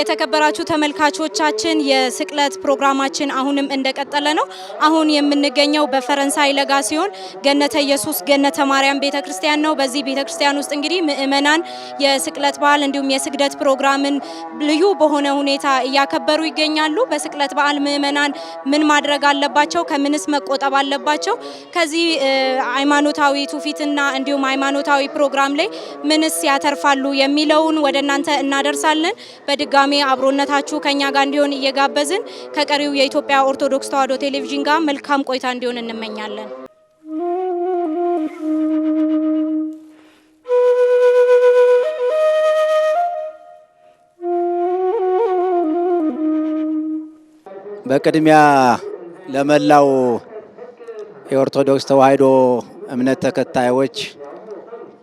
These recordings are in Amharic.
የተከበራችሁ ተመልካቾቻችን የስቅለት ፕሮግራማችን አሁንም እንደቀጠለ ነው። አሁን የምንገኘው በፈረንሳይ ለጋ ሲሆን ገነተ ኢየሱስ ገነተ ማርያም ቤተክርስቲያን ነው። በዚህ ቤተክርስቲያን ውስጥ እንግዲህ ምእመናን የስቅለት በዓል እንዲሁም የስግደት ፕሮግራምን ልዩ በሆነ ሁኔታ እያከበሩ ይገኛሉ። በስቅለት በዓል ምእመናን ምን ማድረግ አለባቸው? ከምንስ መቆጠብ አለባቸው? ከዚህ ሃይማኖታዊ ትውፊትና እንዲሁም ሃይማኖታዊ ፕሮግራም ላይ ምንስ ያተርፋሉ የሚለውን ወደ እናንተ እናደርሳለን በድጋሚ ቅዳሜ አብሮነታችሁ ከኛ ጋር እንዲሆን እየጋበዝን ከቀሪው የኢትዮጵያ ኦርቶዶክስ ተዋሕዶ ቴሌቪዥን ጋር መልካም ቆይታ እንዲሆን እንመኛለን። በቅድሚያ ለመላው የኦርቶዶክስ ተዋሕዶ እምነት ተከታዮች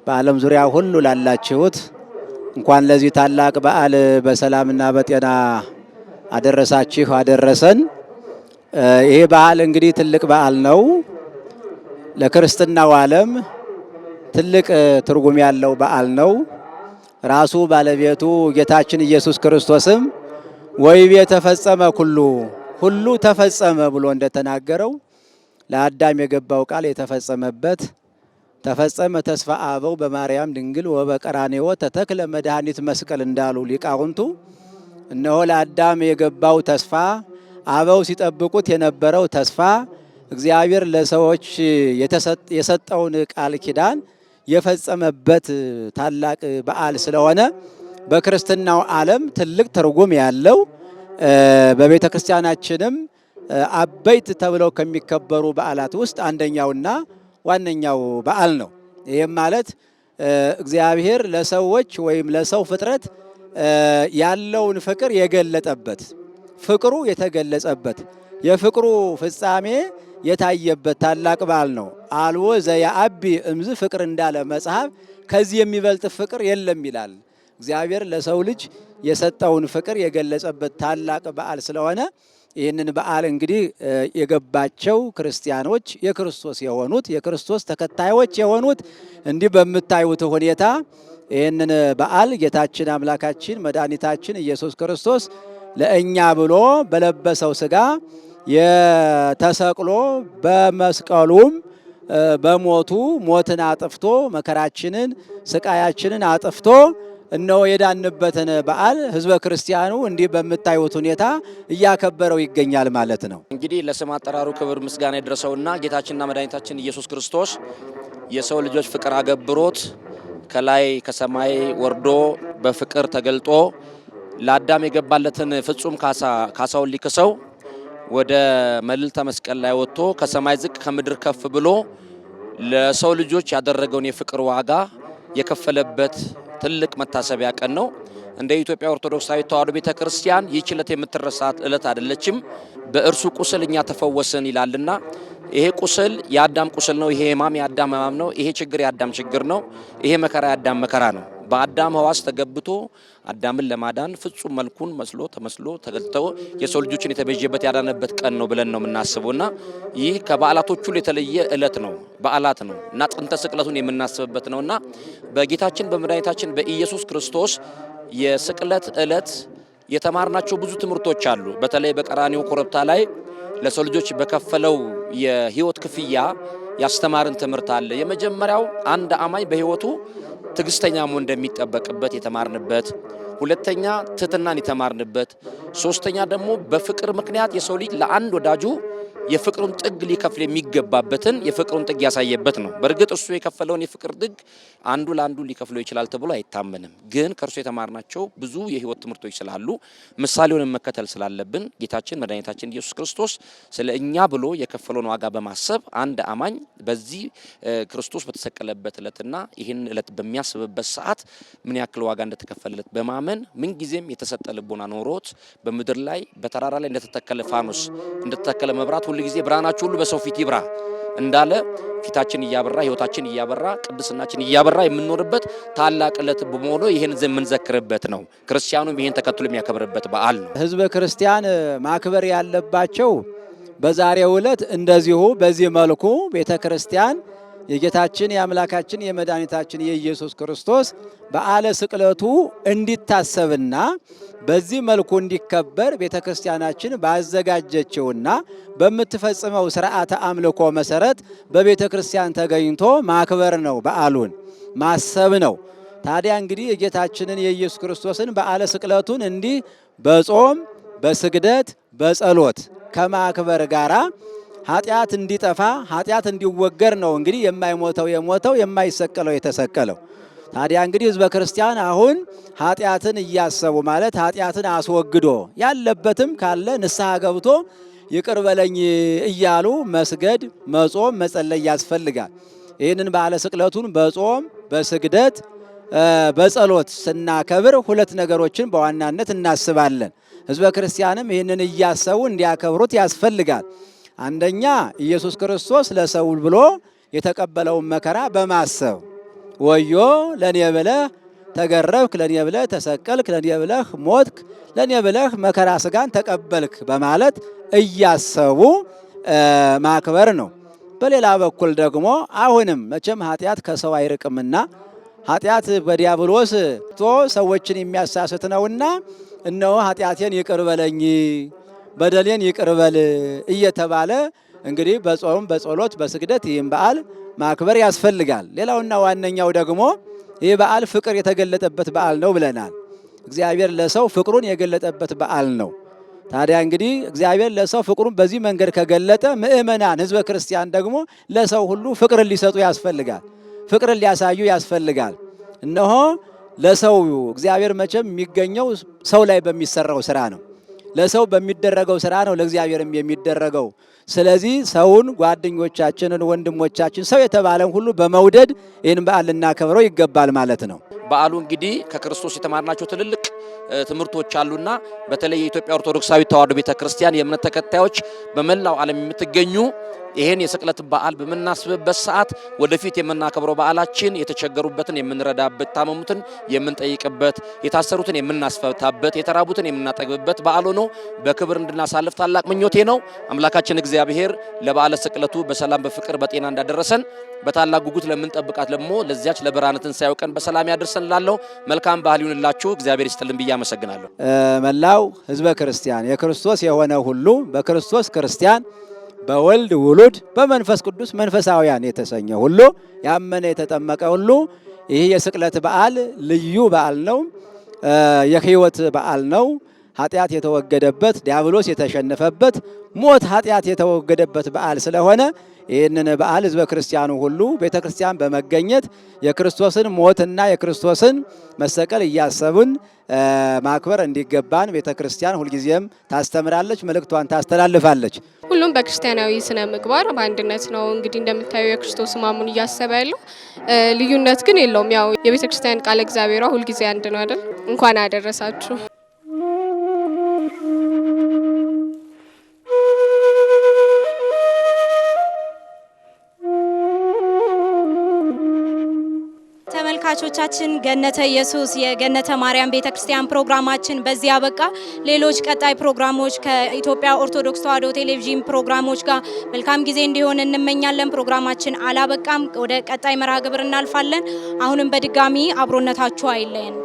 በዓለም ዙሪያ ሁሉ ላላችሁት እንኳን ለዚህ ታላቅ በዓል በሰላምና በጤና አደረሳችሁ አደረሰን። ይሄ በዓል እንግዲህ ትልቅ በዓል ነው። ለክርስትናው ዓለም ትልቅ ትርጉም ያለው በዓል ነው። ራሱ ባለቤቱ ጌታችን ኢየሱስ ክርስቶስም ወይቤ ተፈጸመ ኩሉ ሁሉ ተፈጸመ ብሎ እንደተናገረው ለአዳም የገባው ቃል የተፈጸመበት ተፈጸመ ተስፋ አበው በማርያም ድንግል ወበቀራኔዎ ተተክለ መድኃኒት መስቀል እንዳሉ ሊቃውንቱ እነሆ ለአዳም የገባው ተስፋ አበው ሲጠብቁት የነበረው ተስፋ እግዚአብሔር ለሰዎች የሰጠውን ቃል ኪዳን የፈጸመበት ታላቅ በዓል ስለሆነ በክርስትናው ዓለም ትልቅ ትርጉም ያለው በቤተ ክርስቲያናችንም አበይት ተብለው ከሚከበሩ በዓላት ውስጥ አንደኛውና ዋነኛው በዓል ነው። ይህም ማለት እግዚአብሔር ለሰዎች ወይም ለሰው ፍጥረት ያለውን ፍቅር የገለጠበት ፍቅሩ የተገለጸበት የፍቅሩ ፍጻሜ የታየበት ታላቅ በዓል ነው። አልቦ ዘያአቢ እምዝ ፍቅር እንዳለ መጽሐፍ ከዚህ የሚበልጥ ፍቅር የለም ይላል። እግዚአብሔር ለሰው ልጅ የሰጠውን ፍቅር የገለጸበት ታላቅ በዓል ስለሆነ ይህንን በዓል እንግዲህ የገባቸው ክርስቲያኖች የክርስቶስ የሆኑት የክርስቶስ ተከታዮች የሆኑት እንዲህ በምታዩት ሁኔታ ይህንን በዓል ጌታችን አምላካችን መድኃኒታችን ኢየሱስ ክርስቶስ ለእኛ ብሎ በለበሰው ሥጋ የተሰቅሎ በመስቀሉም በሞቱ ሞትን አጥፍቶ መከራችንን ስቃያችንን አጥፍቶ እነሆ የዳንበትን በዓል ህዝበ ክርስቲያኑ እንዲህ በምታዩት ሁኔታ እያከበረው ይገኛል ማለት ነው። እንግዲህ ለስም አጠራሩ ክብር ምስጋና የደረሰውና ጌታችንና መድኃኒታችን ኢየሱስ ክርስቶስ የሰው ልጆች ፍቅር አገብሮት ከላይ ከሰማይ ወርዶ በፍቅር ተገልጦ ለአዳም የገባለትን ፍጹም ካሳውን ሊክሰው ወደ መልዕልተ መስቀል ላይ ወጥቶ ከሰማይ ዝቅ ከምድር ከፍ ብሎ ለሰው ልጆች ያደረገውን የፍቅር ዋጋ የከፈለበት ትልቅ መታሰቢያ ቀን ነው። እንደ ኢትዮጵያ ኦርቶዶክስ ተዋሕዶ ቤተ ክርስቲያን ይህች ዕለት የምትረሳት ዕለት አይደለችም። በእርሱ ቁስል እኛ ተፈወስን ይላልና ይሄ ቁስል የአዳም ቁስል ነው። ይሄ ህማም የአዳም ህማም ነው። ይሄ ችግር የአዳም ችግር ነው። ይሄ መከራ የአዳም መከራ ነው። በአዳም ሕዋስ ተገብቶ አዳምን ለማዳን ፍጹም መልኩን መስሎ ተመስሎ ተገልጠው የሰው ልጆችን የተቤዠበት ያዳነበት ቀን ነው ብለን ነው የምናስበው እና ይህ ከበዓላቶቹ የተለየ እለት ነው በዓላት ነው እና ጥንተ ስቅለቱን የምናስብበት ነው እና በጌታችን በመድኃኒታችን በኢየሱስ ክርስቶስ የስቅለት እለት የተማርናቸው ብዙ ትምህርቶች አሉ። በተለይ በቀራኒው ኮረብታ ላይ ለሰው ልጆች በከፈለው የህይወት ክፍያ ያስተማርን ትምህርት አለ። የመጀመሪያው አንድ አማኝ በህይወቱ ትዕግስተኛ መሆን እንደሚጠበቅበት የተማርንበት ሁለተኛ ትህትናን የተማርንበት፣ ሶስተኛ ደግሞ በፍቅር ምክንያት የሰው ልጅ ለአንድ ወዳጁ የፍቅሩን ጥግ ሊከፍል የሚገባበትን የፍቅሩን ጥግ ያሳየበት ነው። በእርግጥ እሱ የከፈለውን የፍቅር ጥግ አንዱ ለአንዱ ሊከፍለው ይችላል ተብሎ አይታመንም። ግን ከእርሱ የተማርናቸው ብዙ የህይወት ትምህርቶች ስላሉ ምሳሌውን መከተል ስላለብን ጌታችን መድኃኒታችን ኢየሱስ ክርስቶስ ስለ እኛ ብሎ የከፈለውን ዋጋ በማሰብ አንድ አማኝ በዚህ ክርስቶስ በተሰቀለበት ዕለትና ይህን ዕለት በሚያስብበት ሰዓት ምን ያክል ዋጋ እንደተከፈለለት በማመን ማመን ምንጊዜም የተሰጠ ልቦና ኖሮት በምድር ላይ በተራራ ላይ እንደተተከለ ፋኖስ እንደተተከለ መብራት ሁልጊዜ ብርሃናችሁ ሁሉ በሰው ፊት ይብራ እንዳለ ፊታችን እያበራ ህይወታችን እያበራ ቅድስናችን እያበራ የምንኖርበት ታላቅ ዕለት በመሆኑ ይህን የምንዘክርበት ነው። ክርስቲያኑም ይህን ተከትሎ የሚያከብርበት በዓል ነው። ህዝበ ክርስቲያን ማክበር ያለባቸው በዛሬው ዕለት እንደዚሁ በዚህ መልኩ ቤተ ክርስቲያን የጌታችን የአምላካችን የመድኃኒታችን የኢየሱስ ክርስቶስ በዓለ ስቅለቱ እንዲታሰብና በዚህ መልኩ እንዲከበር ቤተ ክርስቲያናችን ባዘጋጀችውና በምትፈጽመው ስርዓተ አምልኮ መሰረት በቤተ ክርስቲያን ተገኝቶ ማክበር ነው፣ በዓሉን ማሰብ ነው። ታዲያ እንግዲህ የጌታችንን የኢየሱስ ክርስቶስን በዓለ ስቅለቱን እንዲህ በጾም በስግደት በጸሎት ከማክበር ጋራ ኃጢአት እንዲጠፋ ኃጢአት እንዲወገር ነው እንግዲህ የማይሞተው የሞተው የማይሰቀለው የተሰቀለው። ታዲያ እንግዲህ ህዝበ ክርስቲያን አሁን ኃጢአትን እያሰቡ ማለት ኃጢአትን አስወግዶ ያለበትም ካለ ንስሐ ገብቶ ይቅር በለኝ እያሉ መስገድ፣ መጾም፣ መጸለይ ያስፈልጋል። ይህንን በዓለ ስቅለቱን በጾም በስግደት በጸሎት ስናከብር ሁለት ነገሮችን በዋናነት እናስባለን። ህዝበ ክርስቲያንም ይህንን እያሰቡ እንዲያከብሩት ያስፈልጋል። አንደኛ ኢየሱስ ክርስቶስ ለሰው ብሎ የተቀበለውን መከራ በማሰብ ወዮ ለኔ ብለህ ተገረብክ፣ ለኔ ብለህ ተሰቀልክ፣ ለኔ ብለህ ሞትክ፣ ለኔ ብለህ መከራ ስጋን ተቀበልክ በማለት እያሰቡ ማክበር ነው። በሌላ በኩል ደግሞ አሁንም መቼም ኃጢአት ከሰው አይርቅምና ኃጢአት በዲያብሎስ ቶ ሰዎችን የሚያሳስት ነውና እነሆ ኃጢአቴን ይቅር በለኝ በደሌን ይቅርበል እየተባለ እንግዲህ በጾም በጸሎት በስግደት ይህም በዓል ማክበር ያስፈልጋል። ሌላውና ዋነኛው ደግሞ ይህ በዓል ፍቅር የተገለጠበት በዓል ነው ብለናል። እግዚአብሔር ለሰው ፍቅሩን የገለጠበት በዓል ነው። ታዲያ እንግዲህ እግዚአብሔር ለሰው ፍቅሩን በዚህ መንገድ ከገለጠ ምእመናን፣ ህዝበ ክርስቲያን ደግሞ ለሰው ሁሉ ፍቅርን ሊሰጡ ያስፈልጋል። ፍቅርን ሊያሳዩ ያስፈልጋል። እነሆ ለሰው እግዚአብሔር መቼም የሚገኘው ሰው ላይ በሚሰራው ስራ ነው። ለሰው በሚደረገው ስራ ነው፣ ለእግዚአብሔርም የሚደረገው። ስለዚህ ሰውን፣ ጓደኞቻችንን፣ ወንድሞቻችን ሰው የተባለን ሁሉ በመውደድ ይህን በዓል ልናከብረው ይገባል ማለት ነው። በዓሉ እንግዲህ ከክርስቶስ የተማርናቸው ትልልቅ ትምህርቶች አሉና በተለይ የኢትዮጵያ ኦርቶዶክሳዊ ተዋሕዶ ቤተ ክርስቲያን የእምነት ተከታዮች በመላው ዓለም የምትገኙ ይህን የስቅለት በዓል በምናስብበት ሰዓት ወደፊት የምናከብረው በዓላችን የተቸገሩበትን የምንረዳበት፣ ታመሙትን የምንጠይቅበት፣ የታሰሩትን የምናስፈታበት፣ የተራቡትን የምናጠግብበት በዓል ሆኖ በክብር እንድናሳልፍ ታላቅ ምኞቴ ነው። አምላካችን እግዚአብሔር ለበዓለ ስቅለቱ በሰላም በፍቅር በጤና እንዳደረሰን በታላቅ ጉጉት ለምንጠብቃት ደግሞ ለዚያች ለብርሃነ ትንሣኤው ቀን በሰላም ያደርሰን። ላለው መልካም ባህል ይሁንላችሁ። እግዚአብሔር ይስጥልን ብያ አመሰግናለሁ። መላው ህዝበ ክርስቲያን የክርስቶስ የሆነ ሁሉ በክርስቶስ ክርስቲያን፣ በወልድ ውሉድ፣ በመንፈስ ቅዱስ መንፈሳውያን የተሰኘ ሁሉ ያመነ የተጠመቀ ሁሉ ይህ የስቅለት በዓል ልዩ በዓል ነው። የህይወት በዓል ነው። ኃጢአት የተወገደበት ዲያብሎስ የተሸነፈበት ሞት ኃጢአት የተወገደበት በዓል ስለሆነ ይህንን በዓል ህዝበ ክርስቲያኑ ሁሉ ቤተ ክርስቲያን በመገኘት የክርስቶስን ሞትና የክርስቶስን መሰቀል እያሰብን ማክበር እንዲገባን ቤተ ክርስቲያን ሁልጊዜም ታስተምራለች፣ መልእክቷን ታስተላልፋለች። ሁሉም በክርስቲያናዊ ስነ ምግባር በአንድነት ነው እንግዲህ እንደምታየው የክርስቶስ ማሙን እያሰበ ያለው ልዩነት ግን የለውም። ያው የቤተ ክርስቲያን ቃለ እግዚአብሔሯ ሁልጊዜ አንድ ነው አይደል? እንኳን አደረሳችሁ። ተመልካቾቻችን ገነተ ኢየሱስ የገነተ ማርያም ቤተ ክርስቲያን ፕሮግራማችን በዚህ አበቃ። ሌሎች ቀጣይ ፕሮግራሞች ከኢትዮጵያ ኦርቶዶክስ ተዋሕዶ ቴሌቪዥን ፕሮግራሞች ጋር መልካም ጊዜ እንዲሆን እንመኛለን። ፕሮግራማችን አላበቃም። ወደ ቀጣይ መርሃ ግብር እናልፋለን። አሁንም በድጋሚ አብሮነታችሁ አይለየን።